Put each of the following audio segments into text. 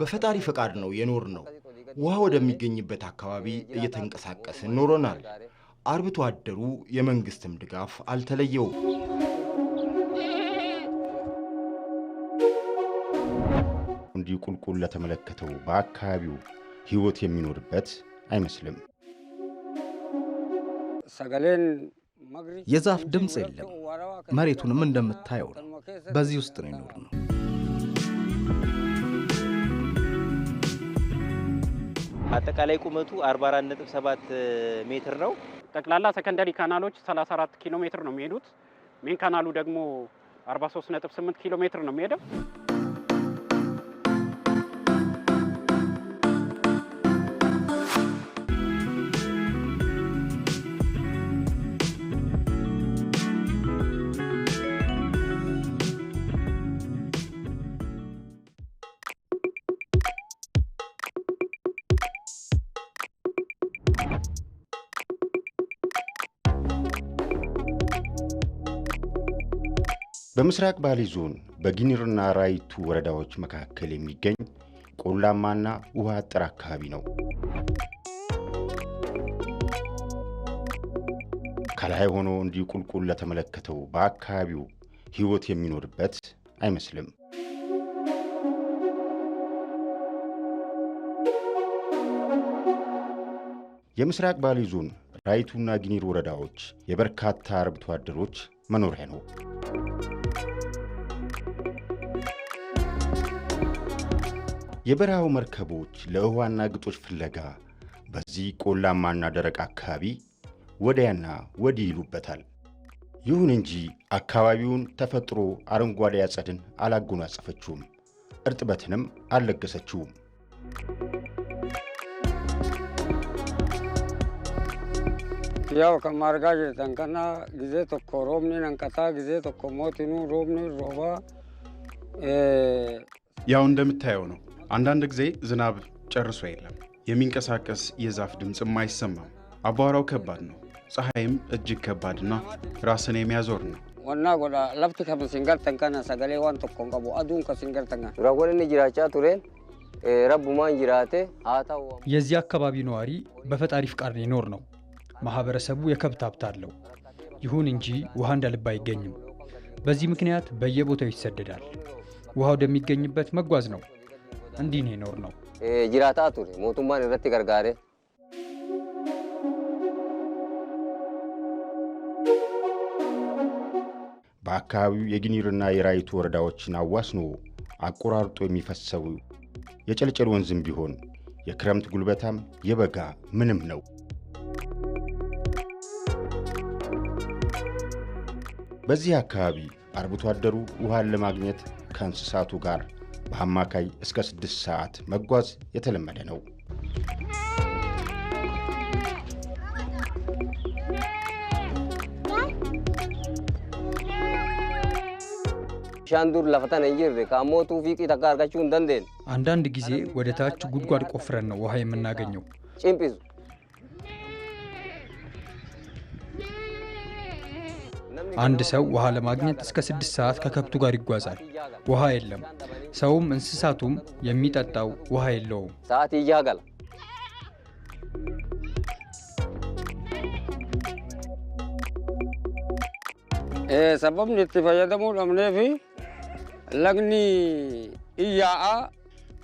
በፈጣሪ ፈቃድ ነው የኖር ነው። ውሃ ወደሚገኝበት አካባቢ እየተንቀሳቀስን ኖረናል። አርብቶ አደሩ የመንግስትም ድጋፍ አልተለየውም። እንዲህ ቁልቁል ለተመለከተው በአካባቢው ህይወት የሚኖርበት አይመስልም። የዛፍ ድምፅ የለም። መሬቱንም እንደምታየው በዚህ ውስጥ ነው ይኖር ነው። አጠቃላይ ቁመቱ 44.7 ሜትር ነው። ጠቅላላ ሰከንደሪ ካናሎች 34 ኪሎ ሜትር ነው የሚሄዱት። ሜን ካናሉ ደግሞ 43.8 ኪሎ ሜትር ነው የሚሄደው። በምስራቅ ባሊ ዞን በጊኒርና ራይቱ ወረዳዎች መካከል የሚገኝ ቆላማና ውሃ አጠር አካባቢ ነው። ከላይ ሆኖ እንዲህ ቁልቁል ለተመለከተው በአካባቢው ሕይወት የሚኖርበት አይመስልም። የምስራቅ ባሊ ዞን ራይቱና ጊኒር ወረዳዎች የበርካታ አርብቶ አደሮች መኖሪያ ነው። የበረሃው መርከቦች ለውሃና ግጦሽ ፍለጋ በዚህ ቆላማና ደረቅ አካባቢ ወዲያና ወዲህ ይሉበታል። ይሁን እንጂ አካባቢውን ተፈጥሮ አረንጓዴ አጸድን አላጎናጸፈችውም፣ እርጥበትንም አልለገሰችውም። ያው ከማርጋ ጀተንከና ጊዜ ቶኮ ሮብኒን አንቀታ ጊዜ ቶኮ ሞቲኑ ሮብኒ ሮባ ያው እንደምታየው ነው። አንዳንድ ጊዜ ዝናብ ጨርሶ የለም። የሚንቀሳቀስ የዛፍ ድምፅም አይሰማም። አቧራው ከባድ ነው። ፀሐይም እጅግ ከባድና ራስን የሚያዞር ነው። ጎዳ ሰገሌ ዋን ቶኮን ቀቡ አዱን ጅራቻ ቱሬን ረቡማን ጅራቴ የዚህ አካባቢ ነዋሪ በፈጣሪ ፍቃድ ይኖር ነው። ማህበረሰቡ የከብት ሀብት አለው። ይሁን እንጂ ውሃ እንደልብ አይገኝም። በዚህ ምክንያት በየቦታው ይሰደዳል። ውሃ ወደሚገኝበት መጓዝ ነው እንዲህ ነው የኖር ነው ጅራታ ቱሬ ሞቱማን ረቲ ገርጋሬ በአካባቢው የግኒርና የራይቱ ወረዳዎችን አዋስኖ አቆራርጦ የሚፈሰው የጨልጨል ወንዝም ቢሆን የክረምት ጉልበታም የበጋ ምንም ነው። በዚህ አካባቢ አርብቶ አደሩ ውሃን ለማግኘት ከእንስሳቱ ጋር በአማካይ እስከ ስድስት ሰዓት መጓዝ የተለመደ ነው። ሻንዱር ለፈተነ እንጅር ካሞቱ ፊቂ ተካርጋችሁ እንደንዴን አንዳንድ ጊዜ ወደ ታች ጉድጓድ ቆፍረን ነው ውሃ የምናገኘው። ጭምጲዙ አንድ ሰው ውሃ ለማግኘት እስከ ስድስት ሰዓት ከከብቱ ጋር ይጓዛል። ውሃ የለም። ሰውም እንስሳቱም የሚጠጣው ውሃ የለውም። ሰበብን ሰበብ ፈየደሙ ለምኔፊ ለግኒ እያአ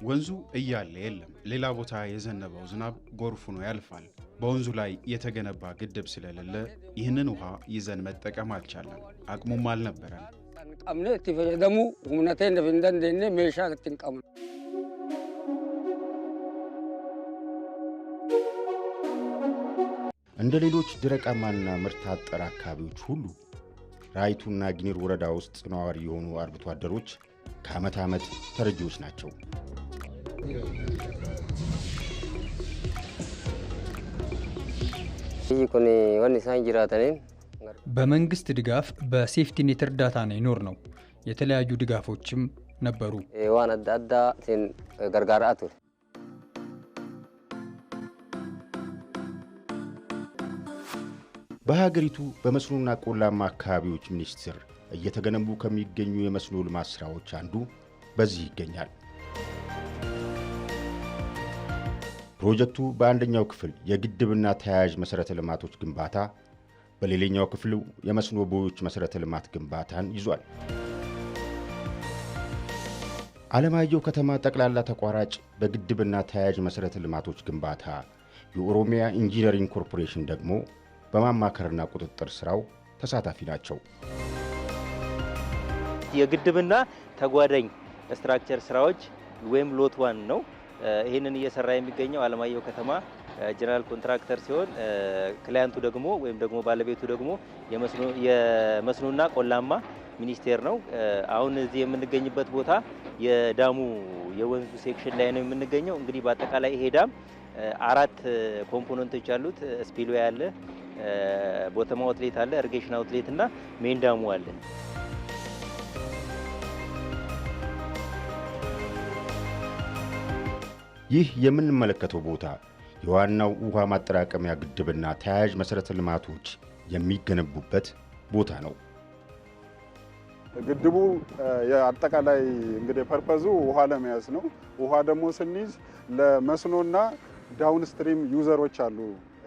ወንዙ እያለ የለም። ሌላ ቦታ የዘነበው ዝናብ ጎርፍ ሆኖ ያልፋል። በወንዙ ላይ የተገነባ ግድብ ስለሌለ ይህንን ውሃ ይዘን መጠቀም አልቻለም። አቅሙም አልነበረም። qabne itti fayyadamu humnatee daf hin dandeenye meeshaa itti hin qabnu. እንደ ሌሎች ድረቃማና ምርት አጠር አካባቢዎች ሁሉ ራይቱና ጊኒር ወረዳ ውስጥ ነዋሪ የሆኑ አርብቶ አደሮች ከዓመት ዓመት ተረጂዎች ናቸው። ይህ ኩን ዋን ኢሳን ጅራተኒን በመንግስት ድጋፍ በሴፍቲኔት እርዳታ ነው ይኖር ነው። የተለያዩ ድጋፎችም ነበሩ። ዋን አዳዳ ገርጋርአቱ በሀገሪቱ በመስኖና ቆላማ አካባቢዎች ሚኒስቴር እየተገነቡ ከሚገኙ የመስኖ ልማት ስራዎች አንዱ በዚህ ይገኛል። ፕሮጀክቱ በአንደኛው ክፍል የግድብና ተያያዥ መሠረተ ልማቶች ግንባታ በሌላኛው ክፍል የመስኖ ቦዮች መሠረተ ልማት ግንባታን ይዟል። አለማየሁ ከተማ ጠቅላላ ተቋራጭ በግድብና ተያያዥ መሠረተ ልማቶች ግንባታ፣ የኦሮሚያ ኢንጂነሪንግ ኮርፖሬሽን ደግሞ በማማከርና ቁጥጥር ሥራው ተሳታፊ ናቸው። የግድብና ተጓዳኝ ስትራክቸር ስራዎች ወይም ሎት ዋን ነው። ይህንን እየሰራ የሚገኘው አለማየሁ ከተማ ጀነራል ኮንትራክተር ሲሆን ክላያንቱ ደግሞ ወይም ደግሞ ባለቤቱ ደግሞ የመስኖና ቆላማ ሚኒስቴር ነው። አሁን እዚህ የምንገኝበት ቦታ የዳሙ የወንዙ ሴክሽን ላይ ነው የምንገኘው። እንግዲህ በአጠቃላይ ይሄ ዳም አራት ኮምፖነንቶች አሉት። ስፒልዌ አለ፣ ቦተማ አውትሌት አለ፣ ኢሪጌሽን አውትሌት እና ሜን ዳሙ አለ። ይህ የምንመለከተው ቦታ የዋናው ውሃ ማጠራቀሚያ ግድብና ተያያዥ መሠረተ ልማቶች የሚገነቡበት ቦታ ነው። ግድቡ የአጠቃላይ እንግዲህ ፐርፐዙ ውሃ ለመያዝ ነው። ውሃ ደግሞ ስንይዝ ለመስኖና ዳውንስትሪም ዩዘሮች አሉ።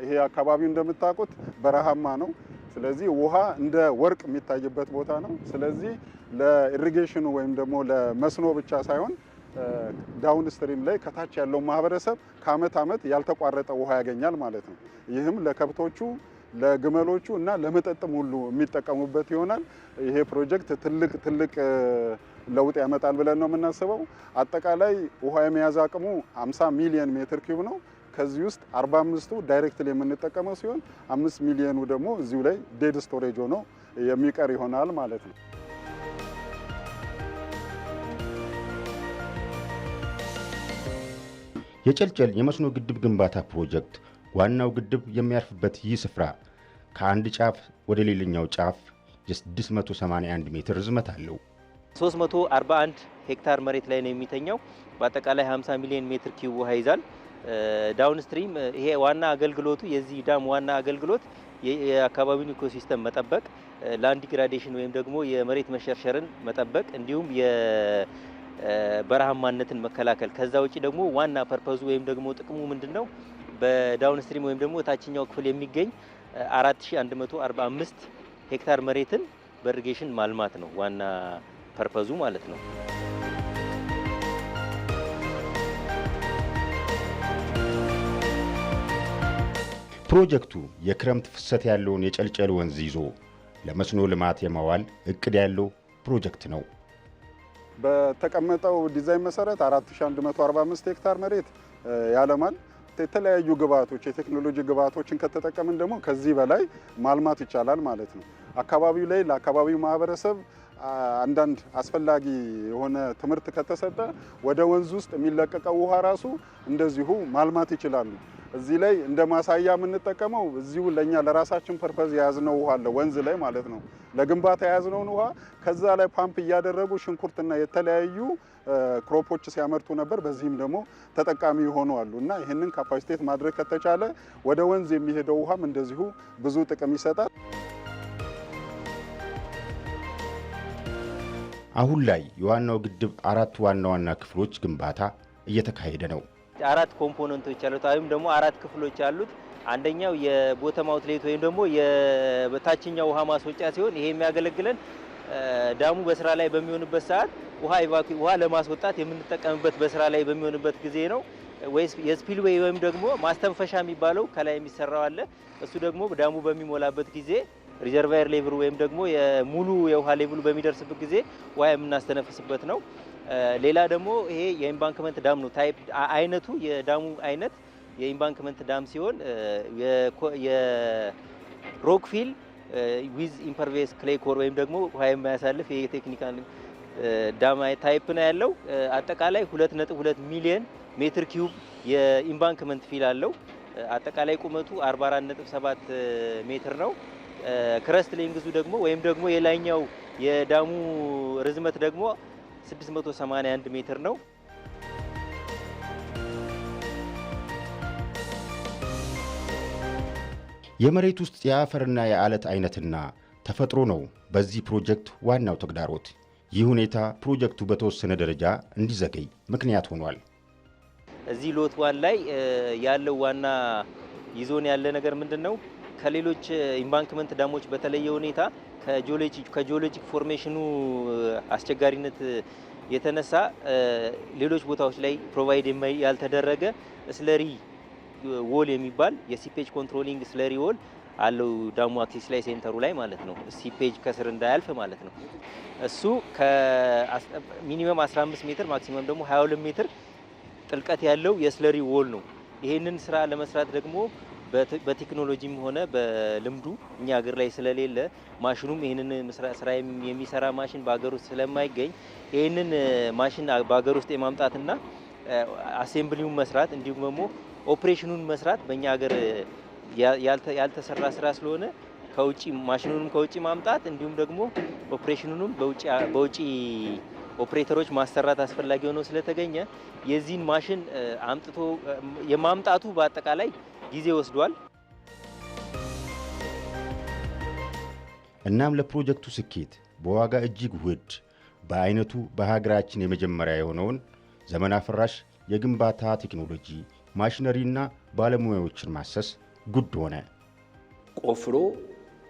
ይሄ አካባቢው እንደምታውቁት በረሃማ ነው። ስለዚህ ውሃ እንደ ወርቅ የሚታይበት ቦታ ነው። ስለዚህ ለኢሪጌሽኑ ወይም ደግሞ ለመስኖ ብቻ ሳይሆን ዳውን ስትሪም ላይ ከታች ያለው ማህበረሰብ ከአመት አመት ያልተቋረጠ ውሃ ያገኛል ማለት ነው። ይህም ለከብቶቹ ለግመሎቹ እና ለመጠጥም ሁሉ የሚጠቀሙበት ይሆናል። ይሄ ፕሮጀክት ትልቅ ትልቅ ለውጥ ያመጣል ብለን ነው የምናስበው። አጠቃላይ ውሃ የመያዝ አቅሙ 50 ሚሊዮን ሜትር ኪዩብ ነው። ከዚህ ውስጥ 45ቱ ዳይሬክትሊ የምንጠቀመው ሲሆን አምስት ሚሊዮኑ ደግሞ እዚሁ ላይ ዴድ ስቶሬጅ ሆኖ የሚቀር ይሆናል ማለት ነው። የጨልጨል የመስኖ ግድብ ግንባታ ፕሮጀክት ዋናው ግድብ የሚያርፍበት ይህ ስፍራ ከአንድ ጫፍ ወደ ሌላኛው ጫፍ የ681 ሜትር ርዝመት አለው። 341 ሄክታር መሬት ላይ ነው የሚተኛው። በአጠቃላይ 50 ሚሊዮን ሜትር ኪዩብ ውሃ ይዛል። ዳውንስትሪም ይሄ ዋና አገልግሎቱ የዚህ ዳም ዋና አገልግሎት የአካባቢውን ኢኮሲስተም መጠበቅ፣ ላንድ ግራዴሽን ወይም ደግሞ የመሬት መሸርሸርን መጠበቅ እንዲሁም በረሃማነትን መከላከል። ከዛ ውጪ ደግሞ ዋና ፐርፐዙ ወይም ደግሞ ጥቅሙ ምንድን ነው? በዳውን ስትሪም ወይም ደግሞ ታችኛው ክፍል የሚገኝ 4145 ሄክታር መሬትን በኢሪጌሽን ማልማት ነው ዋና ፐርፐዙ ማለት ነው። ፕሮጀክቱ የክረምት ፍሰት ያለውን የጨልጨል ወንዝ ይዞ ለመስኖ ልማት የማዋል እቅድ ያለው ፕሮጀክት ነው። በተቀመጠው ዲዛይን መሰረት 4145 ሄክታር መሬት ያለማል። የተለያዩ ግብዓቶች የቴክኖሎጂ ግብዓቶችን ከተጠቀምን ደግሞ ከዚህ በላይ ማልማት ይቻላል ማለት ነው። አካባቢው ላይ ለአካባቢው ማህበረሰብ አንዳንድ አስፈላጊ የሆነ ትምህርት ከተሰጠ ወደ ወንዝ ውስጥ የሚለቀቀው ውሃ ራሱ እንደዚሁ ማልማት ይችላሉ። እዚህ ላይ እንደ ማሳያ የምንጠቀመው እዚሁ ለእኛ ለራሳችን ፐርፐዝ የያዝነው ውሃ አለ፣ ወንዝ ላይ ማለት ነው። ለግንባታ የያዝነውን ውሃ ከዛ ላይ ፓምፕ እያደረጉ ሽንኩርትና የተለያዩ ክሮፖች ሲያመርቱ ነበር። በዚህም ደግሞ ተጠቃሚ የሆኑ አሉ እና ይህንን ካፓሲቴት ማድረግ ከተቻለ ወደ ወንዝ የሚሄደው ውሃም እንደዚሁ ብዙ ጥቅም ይሰጣል። አሁን ላይ የዋናው ግድብ አራት ዋና ዋና ክፍሎች ግንባታ እየተካሄደ ነው። አራት ኮምፖነንቶች አሉት ወይም ደግሞ አራት ክፍሎች አሉት። አንደኛው የቦተም አውትሌት ወይም ደግሞ የታችኛው ውሃ ማስወጫ ሲሆን ይሄ የሚያገለግለን ዳሙ በስራ ላይ በሚሆንበት ሰዓት ውሃ ኢቫኩዌት ውሃ ለማስወጣት የምንጠቀምበት በስራ ላይ በሚሆንበት ጊዜ ነው። ወይስ የስፒልዌይ ወይም ደግሞ ማስተንፈሻ የሚባለው ከላይ የሚሰራው አለ። እሱ ደግሞ ዳሙ በሚሞላበት ጊዜ ሪዘርቫየር ሌቭሉ ወይም ደግሞ ሙሉ የውሃ ሌቭሉ በሚደርስበት ጊዜ ውሃ የምናስተነፍስበት ነው። ሌላ ደግሞ ይሄ የኢምባንክመንት ዳም ነው። ታይፕ አይነቱ የዳሙ አይነት የኢምባንክመንት ዳም ሲሆን የሮክፊል ዊዝ ኢምፐርቬስ ክሌ ኮር ወይም ደግሞ ውሃ የማያሳልፍ ይሄ ቴክኒካል ዳም ታይፕ ነው ያለው። አጠቃላይ 2.2 ሚሊዮን ሜትር ኪዩብ የኢምባንክመንት ፊል አለው። አጠቃላይ ቁመቱ 44.7 ሜትር ነው። ክረስት ሌንግዙ ደግሞ ወይም ደግሞ የላይኛው የዳሙ ርዝመት ደግሞ 681 ሜትር ነው። የመሬት ውስጥ የአፈርና የአለት አይነትና ተፈጥሮ ነው በዚህ ፕሮጀክት ዋናው ተግዳሮት። ይህ ሁኔታ ፕሮጀክቱ በተወሰነ ደረጃ እንዲዘገይ ምክንያት ሆኗል። እዚህ ሎት ዋን ላይ ያለው ዋና ይዞን ያለ ነገር ምንድን ነው? ከሌሎች ኢምባንክመንት ዳሞች በተለየ ሁኔታ ከጂኦሎጂክ ፎርሜሽኑ አስቸጋሪነት የተነሳ ሌሎች ቦታዎች ላይ ፕሮቫይድ ያልተደረገ ስለሪ ዎል የሚባል የሲፔጅ ኮንትሮሊንግ ስለሪ ዎል አለው ዳሞ አክሲስ ላይ ሴንተሩ ላይ ማለት ነው። ሲፔጅ ከስር እንዳያልፍ ማለት ነው። እሱ ሚኒመም 15 ሜትር ማክሲመም ደግሞ 22 ሜትር ጥልቀት ያለው የስለሪ ዎል ነው። ይህንን ስራ ለመስራት ደግሞ በቴክኖሎጂም ሆነ በልምዱ እኛ ሀገር ላይ ስለሌለ ማሽኑም ይህንን ስራ የሚሰራ ማሽን በሀገር ውስጥ ስለማይገኝ ይህንን ማሽን በሀገር ውስጥ የማምጣትና አሴምብሊውን መስራት እንዲሁም ደግሞ ኦፕሬሽኑን መስራት በእኛ ሀገር ያልተሰራ ስራ ስለሆነ ከውጭ ማሽኑንም ከውጭ ማምጣት እንዲሁም ደግሞ ኦፕሬሽኑንም በውጭ ኦፕሬተሮች ማሰራት አስፈላጊ ሆኖ ስለተገኘ የዚህን ማሽን አምጥቶ የማምጣቱ በአጠቃላይ ጊዜ ወስዷል። እናም ለፕሮጀክቱ ስኬት በዋጋ እጅግ ውድ በአይነቱ በሀገራችን የመጀመሪያ የሆነውን ዘመን አፍራሽ የግንባታ ቴክኖሎጂ ማሽነሪና ባለሙያዎችን ማሰስ ጉድ ሆነ። ቆፍሮ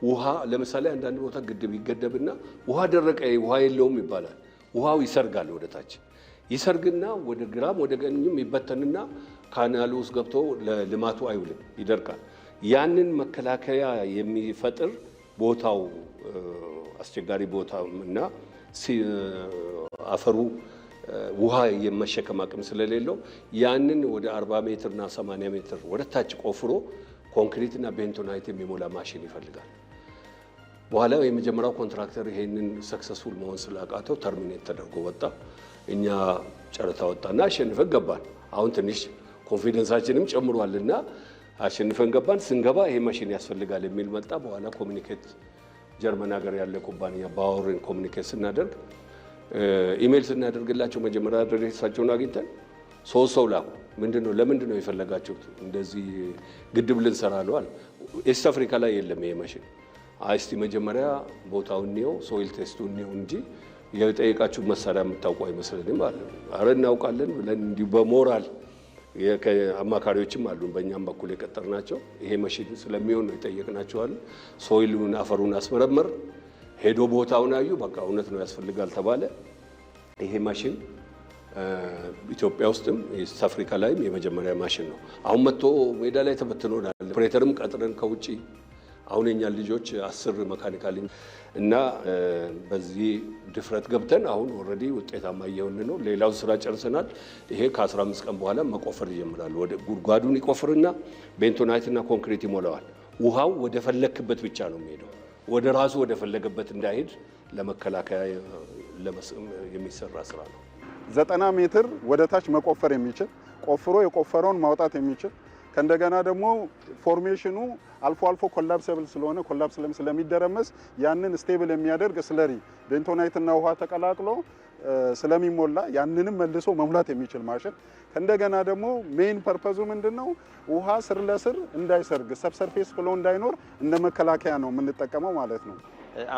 ውሃ ለምሳሌ አንዳንድ ቦታ ግድብ ይገደብና ውሃ ደረቀ፣ ውሃ የለውም ይባላል። ውሃው ይሰርጋል፣ ወደ ታች ይሰርግና ወደ ግራም ወደ ቀኝም ይበተንና ካናሉ ውስጥ ገብቶ ለልማቱ አይውልም፣ ይደርቃል። ያንን መከላከያ የሚፈጥር ቦታው አስቸጋሪ ቦታ እና አፈሩ ውሃ የመሸከም አቅም ስለሌለው ያንን ወደ 40 ሜትር እና 80 ሜትር ወደ ታች ቆፍሮ ኮንክሪት እና ቤንቶናይት የሚሞላ ማሽን ይፈልጋል። በኋላ የመጀመሪያው ኮንትራክተር ይሄንን ሰክሰስፉል መሆን ስላቃተው ተርሚኔት ተደርጎ ወጣ። እኛ ጨረታ ወጣና አሸንፈን ገባን። አሁን ትንሽ ኮንፊደንሳችንም ጨምሯል እና አሸንፈን ገባን። ስንገባ ይሄ ማሽን ያስፈልጋል የሚል መጣ። በኋላ ኮሚኒኬት ጀርመን ሀገር ያለ ኩባንያ ባወርን ኮሚኒኬት ስናደርግ ኢሜይል ስናደርግላቸው መጀመሪያ ድሬሳቸውን አግኝተን ሶስት ሰው ላኩ። ምንድን ነው ለምንድን ነው የፈለጋችሁት? እንደዚህ ግድብ ልንሰራ ለዋል። ኤስት አፍሪካ ላይ የለም ይሄ ማሽን። እስቲ መጀመሪያ ቦታው እኒየው፣ ሶይል ቴስቱ እኒየው እንጂ የጠየቃችሁ መሳሪያ የምታውቁ አይመስለንም አለ። አረ እናውቃለን ብለን እንዲሁ በሞራል አማካሪዎችም አሉን በእኛም በኩል የቀጠር ናቸው። ይሄ መሽን ስለሚሆን ነው የጠየቅናቸዋል። ሶይሉን አፈሩን አስመረመር ሄዶ ቦታውን አዩ። በቃ እውነት ነው ያስፈልጋል ተባለ። ይሄ ማሽን ኢትዮጵያ ውስጥም ኢስት አፍሪካ ላይም የመጀመሪያ ማሽን ነው። አሁን መጥቶ ሜዳ ላይ ተበትኖናል። ኦፕሬተርም ቀጥረን ከውጭ አሁን የኛ ልጆች አስር መካኒካል እና በዚህ ድፍረት ገብተን አሁን ኦልሬዲ ውጤታማ እየሆን ነው። ሌላው ስራ ጨርሰናል። ይሄ ከ15 ቀን በኋላ መቆፈር ይጀምራሉ። ወደ ጉድጓዱን ይቆፍርና ቤንቶናይትና ኮንክሪት ይሞላዋል። ውሃው ወደ ፈለክበት ብቻ ነው የሚሄደው፣ ወደ ራሱ ወደ ፈለገበት እንዳይሄድ ለመከላከያ የሚሰራ ስራ ነው። ዘጠና ሜትር ወደ ታች መቆፈር የሚችል ቆፍሮ የቆፈረውን ማውጣት የሚችል ከእንደገና ደግሞ ፎርሜሽኑ አልፎ አልፎ ኮላፕሰብል ስለሆነ ኮላፕስ ስለሚደረመስ ያንን ስቴብል የሚያደርግ ስለሪ ቤንቶናይትና ውሃ ተቀላቅሎ ስለሚሞላ ያንንም መልሶ መሙላት የሚችል ማሽን ከእንደገና ደግሞ ሜይን ፐርፐዙ ምንድነው? ውሃ ስር ለስር እንዳይሰርግ ሰብሰርፌስ ፍሎ እንዳይኖር እንደ መከላከያ ነው የምንጠቀመው ማለት ነው።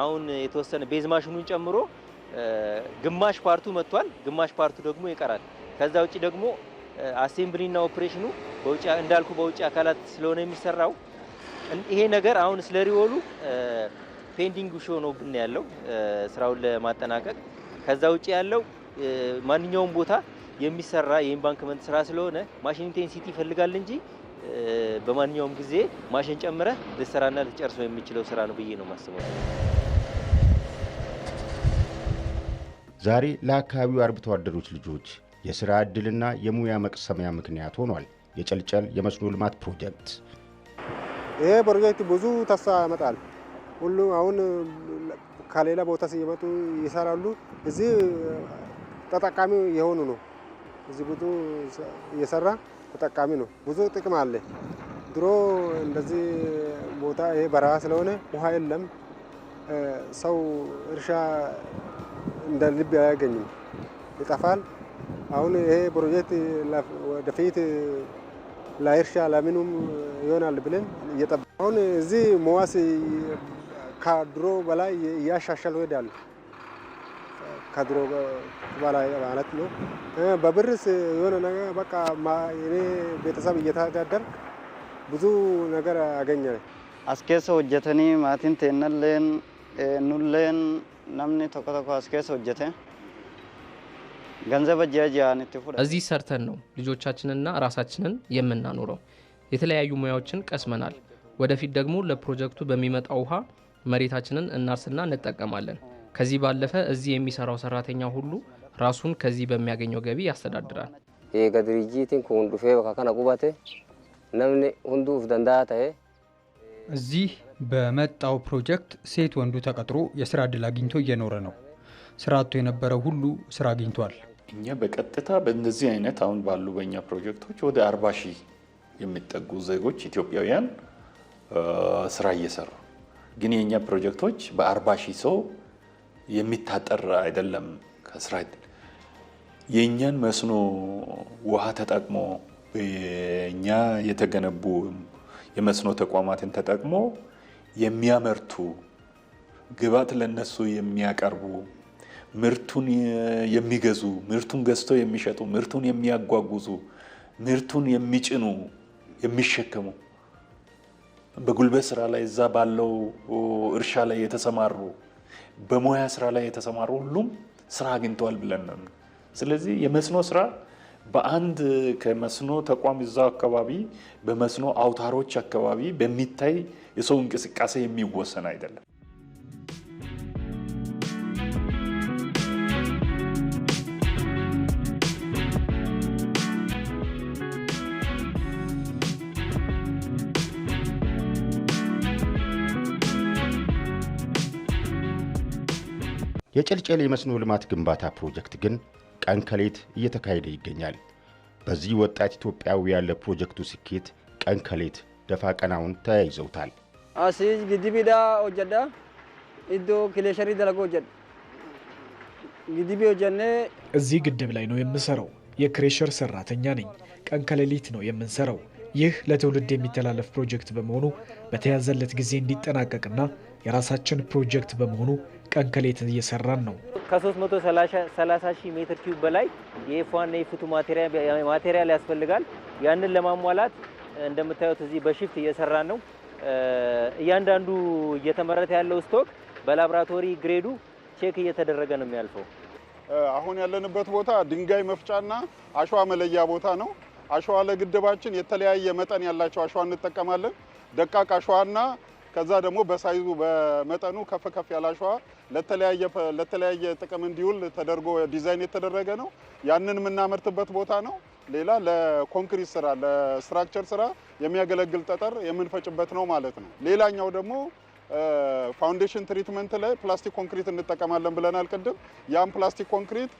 አሁን የተወሰነ ቤዝ ማሽኑን ጨምሮ ግማሽ ፓርቱ መጥቷል፣ ግማሽ ፓርቱ ደግሞ ይቀራል። ከዛ ውጭ ደግሞ አሴምብሊና ኦፕሬሽኑ እንዳልኩ በውጭ አካላት ስለሆነ የሚሰራው ይሄ ነገር አሁን ስለ ሪወሉ ፔንዲንግ ሾ ነው ብን ያለው ስራውን ለማጠናቀቅ ከዛ ውጭ ያለው ማንኛውም ቦታ የሚሰራ የኢንባንክመንት ስራ ስለሆነ ማሽን ኢንቴንሲቲ ይፈልጋል እንጂ በማንኛውም ጊዜ ማሽን ጨምረህ ልትሰራና ልትጨርሰው የሚችለው ስራ ነው ብዬ ነው ማስበው። ዛሬ ለአካባቢው አርብቶ አደሮች ልጆች የስራ ዕድልና የሙያ መቅሰሚያ ምክንያት ሆኗል የጨልጨል የመስኖ ልማት ፕሮጀክት። ይሄ ፕሮጀክት ብዙ ተስፋ ያመጣል። ሁሉም አሁን ከሌላ ቦታ ሲመጡ ይሰራሉ። እዚህ ተጠቃሚ የሆኑ ነው። እዚህ ብዙ እየሰራ ተጠቃሚ ነው። ብዙ ጥቅም አለ። ድሮ እንደዚህ ቦታ ይሄ በረሃ ስለሆነ ውሃ የለም። ሰው እርሻ እንደ ልብ አያገኝም፣ ይጠፋል። አሁን ይሄ ፕሮጀክት ወደፊት ለእርሻ ለምኑም ይሆናል ብለን እየጠበ አሁን እዚህ መዋስ ከድሮ በላይ እያሻሻሉ ሄዳሉ። ከድሮ በላይ ማለት ነው። በብርስ የሆነ ነገር በቃ እኔ ቤተሰብ እየተዳደር ብዙ ነገር አገኘ አስኬሰ ወጀተኒ ማቲን ቴነሌን ኑሌን ናምኒ ተኮተኮ ቶኮ አስኬሰ ሆጀተ ገንዘብ እዚህ ሰርተን ነው ልጆቻችንና ራሳችንን የምናኖረው። የተለያዩ ሙያዎችን ቀስመናል። ወደፊት ደግሞ ለፕሮጀክቱ በሚመጣ ውሃ መሬታችንን እናርስና እንጠቀማለን። ከዚህ ባለፈ እዚህ የሚሰራው ሰራተኛ ሁሉ ራሱን ከዚህ በሚያገኘው ገቢ ያስተዳድራል። የገድርጂትን ኩንዱፌ በካከና ጉባቴ ነምን ሁንዱ ፍደንዳ ታሄ እዚህ በመጣው ፕሮጀክት ሴት ወንዱ ተቀጥሮ የስራ እድል አግኝቶ እየኖረ ነው። ስራ አጥቶ የነበረው ሁሉ ስራ አግኝቷል። እኛ በቀጥታ በእንደዚህ አይነት አሁን ባሉ በእኛ ፕሮጀክቶች ወደ አርባ ሺህ የሚጠጉ ዜጎች ኢትዮጵያውያን ስራ እየሰሩ ግን የእኛ ፕሮጀክቶች በአርባ ሺህ ሰው የሚታጠር አይደለም ከስራ የእኛን መስኖ ውሃ ተጠቅሞ እኛ የተገነቡ የመስኖ ተቋማትን ተጠቅሞ የሚያመርቱ ግባት ለነሱ የሚያቀርቡ ምርቱን የሚገዙ ምርቱን ገዝተው የሚሸጡ ምርቱን የሚያጓጉዙ ምርቱን የሚጭኑ የሚሸከሙ በጉልበት ስራ ላይ እዛ ባለው እርሻ ላይ የተሰማሩ በሙያ ስራ ላይ የተሰማሩ ሁሉም ስራ አግኝተዋል ብለን ነው። ስለዚህ የመስኖ ስራ በአንድ ከመስኖ ተቋም እዛው አካባቢ በመስኖ አውታሮች አካባቢ በሚታይ የሰው እንቅስቃሴ የሚወሰን አይደለም። የጨልጨሌ የመስኖ ልማት ግንባታ ፕሮጀክት ግን ቀን ከሌት እየተካሄደ ይገኛል። በዚህ ወጣት ኢትዮጵያዊ ያለ ፕሮጀክቱ ስኬት ቀን ከሌት ደፋ ቀናውን ተያይዘውታል። ግድቢዳ ኢዶ ክሌሸሪ ግድቢ እዚህ ግድብ ላይ ነው የምሰራው። የክሬሸር ሰራተኛ ነኝ። ቀን ከሌሊት ነው የምንሰራው። ይህ ለትውልድ የሚተላለፍ ፕሮጀክት በመሆኑ በተያዘለት ጊዜ እንዲጠናቀቅና የራሳችን ፕሮጀክት በመሆኑ ቀን ከሌት እየሰራን ነው። ከ330 ሺህ ሜትር ኪዩብ በላይ የኤፍዋና የፍቱ ማቴሪያል ያስፈልጋል። ያንን ለማሟላት እንደምታዩት እዚህ በሽፍት እየሰራን ነው። እያንዳንዱ እየተመረተ ያለው ስቶክ በላብራቶሪ ግሬዱ ቼክ እየተደረገ ነው የሚያልፈው። አሁን ያለንበት ቦታ ድንጋይ መፍጫና አሸዋ መለያ ቦታ ነው። አሸዋ ለግድባችን የተለያየ መጠን ያላቸው አሸዋ እንጠቀማለን። ደቃቅ አሸዋና ከዛ ደግሞ በሳይዙ በመጠኑ ከፍ ከፍ ያለ አሸዋ ለተለያየ ጥቅም እንዲውል ተደርጎ ዲዛይን የተደረገ ነው። ያንን የምናመርትበት ቦታ ነው። ሌላ ለኮንክሪት ስራ ለስትራክቸር ስራ የሚያገለግል ጠጠር የምንፈጭበት ነው ማለት ነው። ሌላኛው ደግሞ ፋውንዴሽን ትሪትመንት ላይ ፕላስቲክ ኮንክሪት እንጠቀማለን ብለናል ቅድም። ያም ፕላስቲክ ኮንክሪት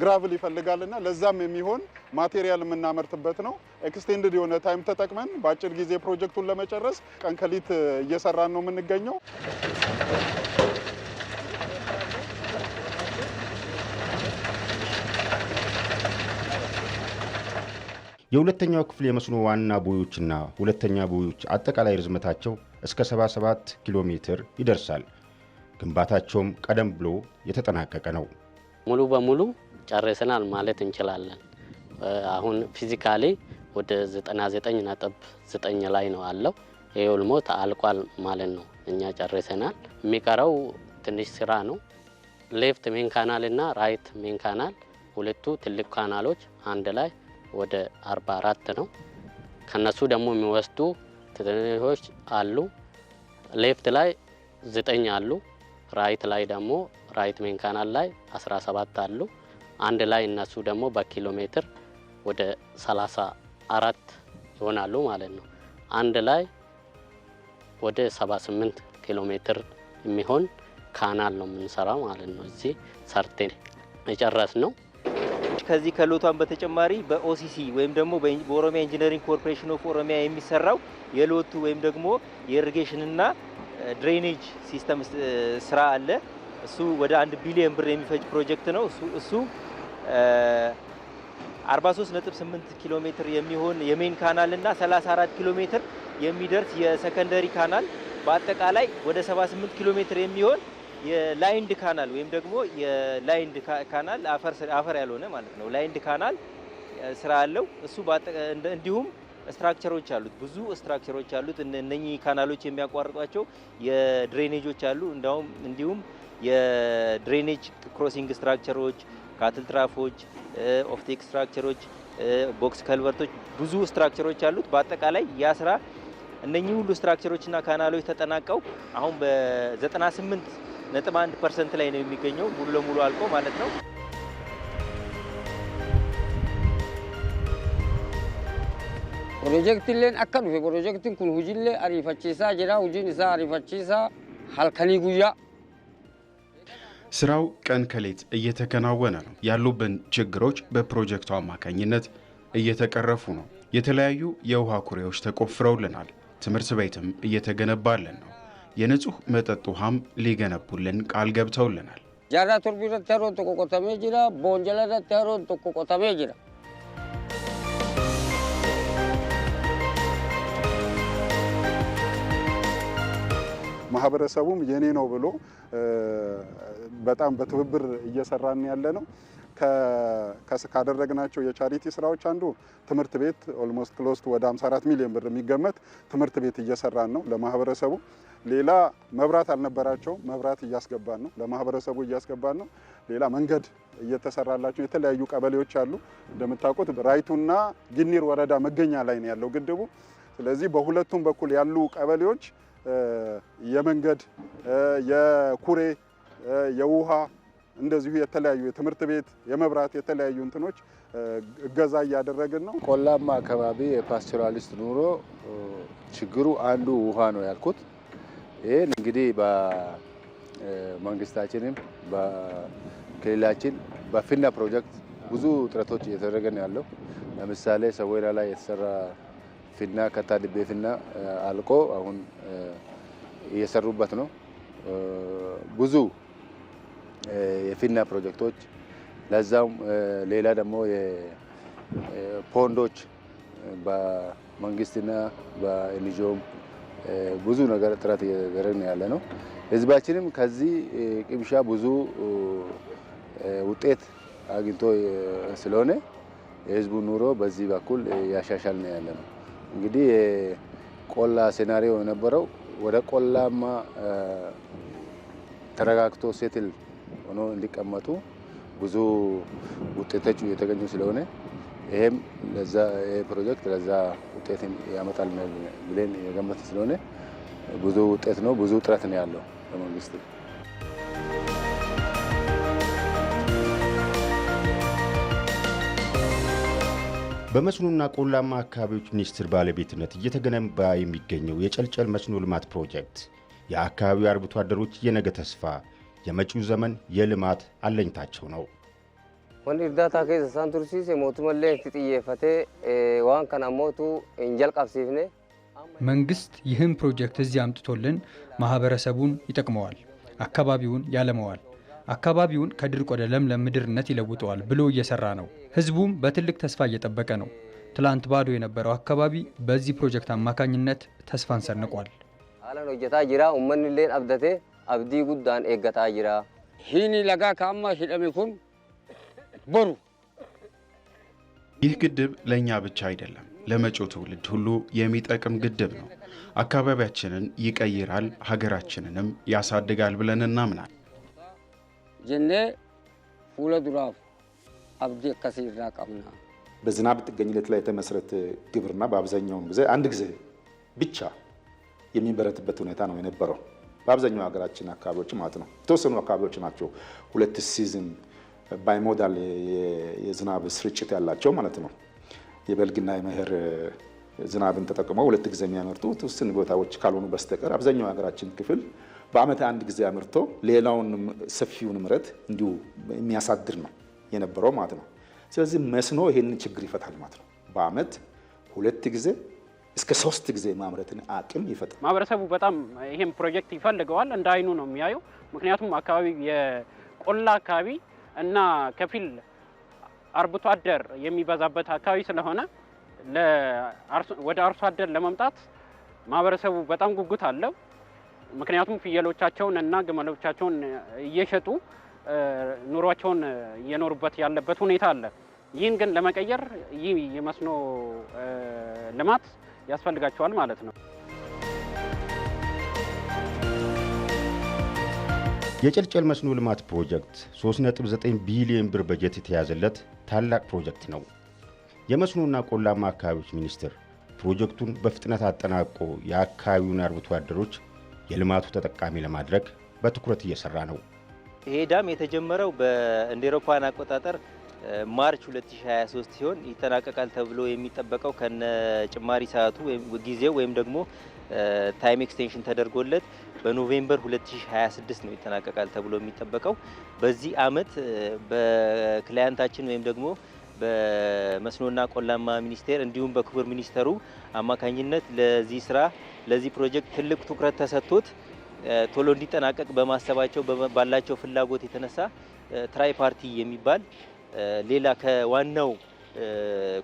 ግራቭል ይፈልጋልና ለዛም የሚሆን ማቴሪያል የምናመርትበት ነው። ኤክስቴንድድ የሆነ ታይም ተጠቅመን በአጭር ጊዜ ፕሮጀክቱን ለመጨረስ ቀን ከሊት እየሰራን ነው የምንገኘው። የሁለተኛው ክፍል የመስኖ ዋና ቦዮችና ሁለተኛ ቦዮች አጠቃላይ ርዝመታቸው እስከ 77 ኪሎ ሜትር ይደርሳል። ግንባታቸውም ቀደም ብሎ የተጠናቀቀ ነው። ሙሉ በሙሉ ጨርሰናል ማለት እንችላለን። አሁን ፊዚካሊ ወደ 9 ላይ ነው አለው። ይህ ኦልሞስት አልቋል ማለት ነው። እኛ ጨርሰናል። የሚቀረው ትንሽ ስራ ነው። ሌፍት ሜን ካናል እና ራይት ሜን ካናል ሁለቱ ትልቅ ካናሎች አንድ ላይ ወደ 44 ነው። ከነሱ ደግሞ የሚወስዱ ትንሾች አሉ። ሌፍት ላይ 9 አሉ። ራይት ላይ ደግሞ ራይት ሜን ካናል ላይ 17 አሉ። አንድ ላይ እነሱ ደግሞ በኪሎ ሜትር ወደ 34 ይሆናሉ ማለት ነው። አንድ ላይ ወደ 78 ኪሎ ሜትር የሚሆን ካናል ነው የምንሰራው ማለት ነው። እዚህ ሰርቴን የጨረስ ነው። ከዚህ ከሎቷን በተጨማሪ በኦሲሲ ወይም ደግሞ በኦሮሚያ ኢንጂነሪንግ ኮርፖሬሽን ኦፍ ኦሮሚያ የሚሰራው የሎቱ ወይም ደግሞ የኢሪጌሽንና ድሬኔጅ ሲስተም ስራ አለ። እሱ ወደ አንድ ቢሊዮን ብር የሚፈጅ ፕሮጀክት ነው እሱ 43.8 ኪሎ ሜትር የሚሆን የሜን ካናል እና 34 ኪሎ ሜትር የሚደርስ የሰከንደሪ ካናል በአጠቃላይ ወደ 78 ኪሎ ሜትር የሚሆን የላይንድ ካናል ወይም ደግሞ የላይንድ ካናል አፈር ያልሆነ ማለት ነው። ላይንድ ካናል ስራ አለው። እሱ እንዲሁም ስትራክቸሮች አሉት፣ ብዙ ስትራክቸሮች አሉት። እነኚህ ካናሎች የሚያቋርጧቸው የድሬኔጆች አሉ። እንዲሁም የድሬኔጅ ክሮሲንግ ስትራክቸሮች ካትል ትራፎች፣ ኦፍቴክ ስትራክቸሮች፣ ቦክስ ከልቨርቶች ብዙ ስትራክቸሮች አሉት። በአጠቃላይ ያ ስራ እነኚህ ሁሉ ስትራክቸሮችና ካናሎች ተጠናቀው አሁን በ98 ነጥብ 1 ፐርሰንት ላይ ነው የሚገኘው ሙሉ ለሙሉ አልቆ ማለት ነው። ፕሮጀክት ለን ዱፌ ፕሮጀክትን ኩን ሁጅለ አሪፈቺሳ ጅራ ሁጅን ሳ አሪፈቺሳ ሀልከኒ ጉያ ስራው ቀን ከሌት እየተከናወነ ነው። ያሉብን ችግሮች በፕሮጀክቱ አማካኝነት እየተቀረፉ ነው። የተለያዩ የውሃ ኩሬዎች ተቆፍረውልናል። ትምህርት ቤትም እየተገነባልን ነው። የንጹህ መጠጥ ውሃም ሊገነቡልን ቃል ገብተውልናል። ጃራ ተሮን ጥቁቆተሜ ጅራ ቦንጀለረት ተሮን ጥቁቆተሜ ጅራ ማህበረሰቡም የኔ ነው ብሎ በጣም በትብብር እየሰራን ያለ ነው። ካደረግናቸው የቻሪቲ ስራዎች አንዱ ትምህርት ቤት ኦልሞስት ክሎስት ወደ 54 ሚሊዮን ብር የሚገመት ትምህርት ቤት እየሰራን ነው ለማህበረሰቡ። ሌላ መብራት አልነበራቸው መብራት እያስገባን ነው ለማህበረሰቡ እያስገባን ነው። ሌላ መንገድ እየተሰራላቸው የተለያዩ ቀበሌዎች አሉ። እንደምታውቁት ራይቱና ግኒር ወረዳ መገኛ ላይ ነው ያለው ግድቡ። ስለዚህ በሁለቱም በኩል ያሉ ቀበሌዎች የመንገድ፣ የኩሬ፣ የውሃ እንደዚሁ የተለያዩ የትምህርት ቤት፣ የመብራት የተለያዩ እንትኖች እገዛ እያደረግን ነው። ቆላማ አካባቢ የፓስቶራሊስት ኑሮ ችግሩ አንዱ ውሃ ነው ያልኩት። ይህን እንግዲህ በመንግስታችንም በክልላችን በፊና ፕሮጀክት ብዙ ጥረቶች እየተደረገ ነው ያለው። ለምሳሌ ሰወይራ ላይ የተሰራ ፊና ከታድቤ ፊና አልቆ አሁን እየሰሩበት ነው። ብዙ የፊና ፕሮጀክቶች ለዛም ሌላ ደግሞ የፖንዶች በመንግስትና በኤንጂኦም ብዙ ነገር ጥረት እየደረግን ያለ ነው። ህዝባችንም ከዚህ ቅምሻ ብዙ ውጤት አግኝቶ ስለሆነ የህዝቡ ኑሮ በዚህ በኩል ነው ያለ ነው። እንግዲህ የቆላ ሴናሪዮ የነበረው ወደ ቆላማ ተረጋግቶ ሴትል ሆኖ እንዲቀመጡ ብዙ ውጤቶች እየተገኙ ስለሆነ ይሄም ለዛ ይሄ ፕሮጀክት ለዛ ውጤት ያመጣል ብለን የገመት ስለሆነ ብዙ ውጤት ነው፣ ብዙ ጥረት ነው ያለው በመንግስት በመስኖና ቆላማ አካባቢዎች ሚኒስቴር ባለቤትነት እየተገነባ የሚገኘው የጨልጨል መስኖ ልማት ፕሮጀክት የአካባቢው አርብቶ አደሮች የነገ ተስፋ፣ የመጪው ዘመን የልማት አለኝታቸው ነው። ወን እርዳታ ሳንቱርሲ ሳንቱርሲስ ሞቱመለ ትጥየፈቴ ዋን ሞቱ እንጀል ቀብሲፍኔ መንግስት ይህን ፕሮጀክት እዚህ አምጥቶልን ማህበረሰቡን ይጠቅመዋል፣ አካባቢውን ያለመዋል። አካባቢውን ከድርቅ ወደ ለምለም ምድርነት ይለውጠዋል ብሎ እየሰራ ነው። ህዝቡም በትልቅ ተስፋ እየጠበቀ ነው። ትላንት ባዶ የነበረው አካባቢ በዚህ ፕሮጀክት አማካኝነት ተስፋን ሰንቋል። አላን ሆጀታ ጅራ ኡመንሌን አብደቴ አብዲ ጉዳን ኤገታ ጅራ ሂኒ ለጋ ካማ ይህ ግድብ ለእኛ ብቻ አይደለም፣ ለመጪው ትውልድ ሁሉ የሚጠቅም ግድብ ነው። አካባቢያችንን ይቀይራል፣ ሀገራችንንም ያሳድጋል ብለን እናምናል። jennee ሁለ duraaf abdii ከሲራ ቀምና በዝናብ ጥገኝነት ላይ የተመሰረተ ግብርና በአብዛኛውን ጊዜ አንድ ጊዜ ብቻ የሚመረትበት ሁኔታ ነው የነበረው በአብዛኛው ሀገራችን አካባቢዎች ማለት ነው። የተወሰኑ አካባቢዎች ናቸው ሁለት ሲዝን ባይሞዳል የዝናብ ስርጭት ያላቸው ማለት ነው። የበልግና የመኸር ዝናብን ተጠቅመው ሁለት ጊዜ የሚያመርቱ ውስን ቦታዎች ካልሆኑ በስተቀር አብዛኛው የሀገራችን ክፍል በዓመት አንድ ጊዜ አምርቶ ሌላውን ሰፊውን ምረት እንዲሁ የሚያሳድር ነው የነበረው ማለት ነው። ስለዚህ መስኖ ይሄንን ችግር ይፈታል ማለት ነው። በዓመት ሁለት ጊዜ እስከ ሶስት ጊዜ ማምረትን አቅም ይፈጥራል። ማህበረሰቡ በጣም ይሄን ፕሮጀክት ይፈልገዋል፣ እንደ አይኑ ነው የሚያየው። ምክንያቱም አካባቢ የቆላ አካባቢ እና ከፊል አርብቶ አደር የሚበዛበት አካባቢ ስለሆነ ወደ አርሶ አደር ለመምጣት ማህበረሰቡ በጣም ጉጉት አለው። ምክንያቱም ፍየሎቻቸውን እና ግመሎቻቸውን እየሸጡ ኑሯቸውን እየኖሩበት ያለበት ሁኔታ አለ። ይህን ግን ለመቀየር ይህ የመስኖ ልማት ያስፈልጋቸዋል ማለት ነው። የጨልጨል መስኖ ልማት ፕሮጀክት 3.9 ቢሊዮን ብር በጀት የተያዘለት ታላቅ ፕሮጀክት ነው። የመስኖና ቆላማ አካባቢዎች ሚኒስቴር ፕሮጀክቱን በፍጥነት አጠናቆ የአካባቢውን አርብቶ አደሮች የልማቱ ተጠቃሚ ለማድረግ በትኩረት እየሰራ ነው። ይሄ ዳም የተጀመረው እንደ አቆጣጠር ማርች 2023 ሲሆን ይጠናቀቃል ተብሎ የሚጠበቀው ከነ ጭማሪ ሰዓቱ ጊዜው ወይም ደግሞ ታይም ኤክስቴንሽን ተደርጎለት በኖቬምበር 2026 ነው ይጠናቀቃል ተብሎ የሚጠበቀው። በዚህ አመት በክላያንታችን ወይም ደግሞ በመስኖና ቆላማ ሚኒስቴር እንዲሁም በክቡር ሚኒስተሩ አማካኝነት ለዚህ ስራ ለዚህ ፕሮጀክት ትልቅ ትኩረት ተሰጥቶት ቶሎ እንዲጠናቀቅ በማሰባቸው ባላቸው ፍላጎት የተነሳ ትራይ ፓርቲ የሚባል ሌላ ከዋናው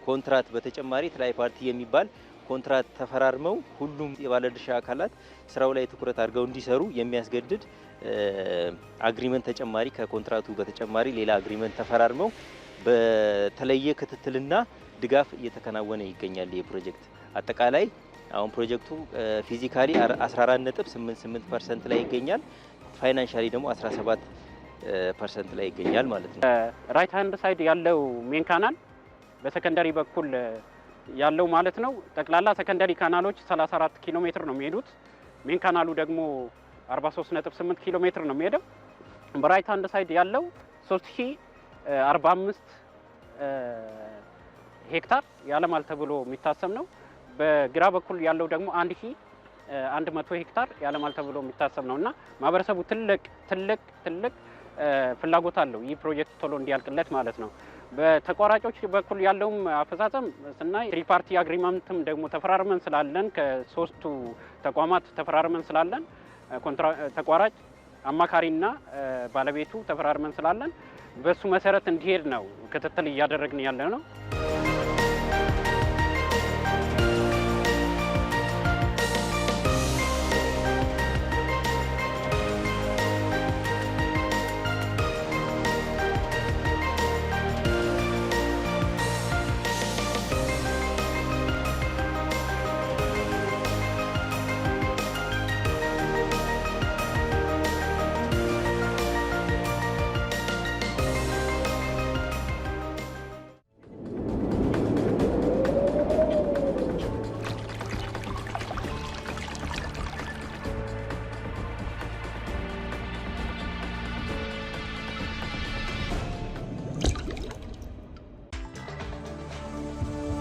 ኮንትራት በተጨማሪ ትራይ ፓርቲ የሚባል ኮንትራት ተፈራርመው ሁሉም የባለድርሻ አካላት ስራው ላይ ትኩረት አድርገው እንዲሰሩ የሚያስገድድ አግሪመንት ተጨማሪ ከኮንትራቱ በተጨማሪ ሌላ አግሪመንት ተፈራርመው በተለየ ክትትልና ድጋፍ እየተከናወነ ይገኛል። ይህ ፕሮጀክት አጠቃላይ አሁን ፕሮጀክቱ ፊዚካሊ 14.88 ፐርሰንት ላይ ይገኛል። ፋይናንሻሊ ደግሞ 17 ፐርሰንት ላይ ይገኛል ማለት ነው። ራይት ሃንድ ሳይድ ያለው ሜን ካናል በሰከንደሪ በኩል ያለው ማለት ነው። ጠቅላላ ሰከንደሪ ካናሎች 34 ኪሎ ሜትር ነው የሚሄዱት። ሜን ካናሉ ደግሞ 43.8 ኪሎ ሜትር ነው የሚሄደው። በራይት ሃንድ ሳይድ ያለው 3000 45 ሄክታር ያለማል ተብሎ የሚታሰብ ነው። በግራ በኩል ያለው ደግሞ መቶ ሄክታር ያለማል ተብሎ የሚታሰብ ነው እና ማህበረሰቡ ትልቅ ትልቅ ትልቅ ፍላጎት አለው ይህ ፕሮጀክት ቶሎ እንዲያልቅለት ማለት ነው። በተቋራጮች በኩል ያለውም አፈጻጸም ስናይ ሪፓርቲ አግሪመንትም ደግሞ ተፈራርመን ስላለን ከሶስቱ ተቋማት ተፈራርመን ስላለን ተቋራጭ አማካሪና ባለቤቱ ተፈራርመን ስላለን በእሱ መሰረት እንዲሄድ ነው ክትትል እያደረግን ያለ ነው።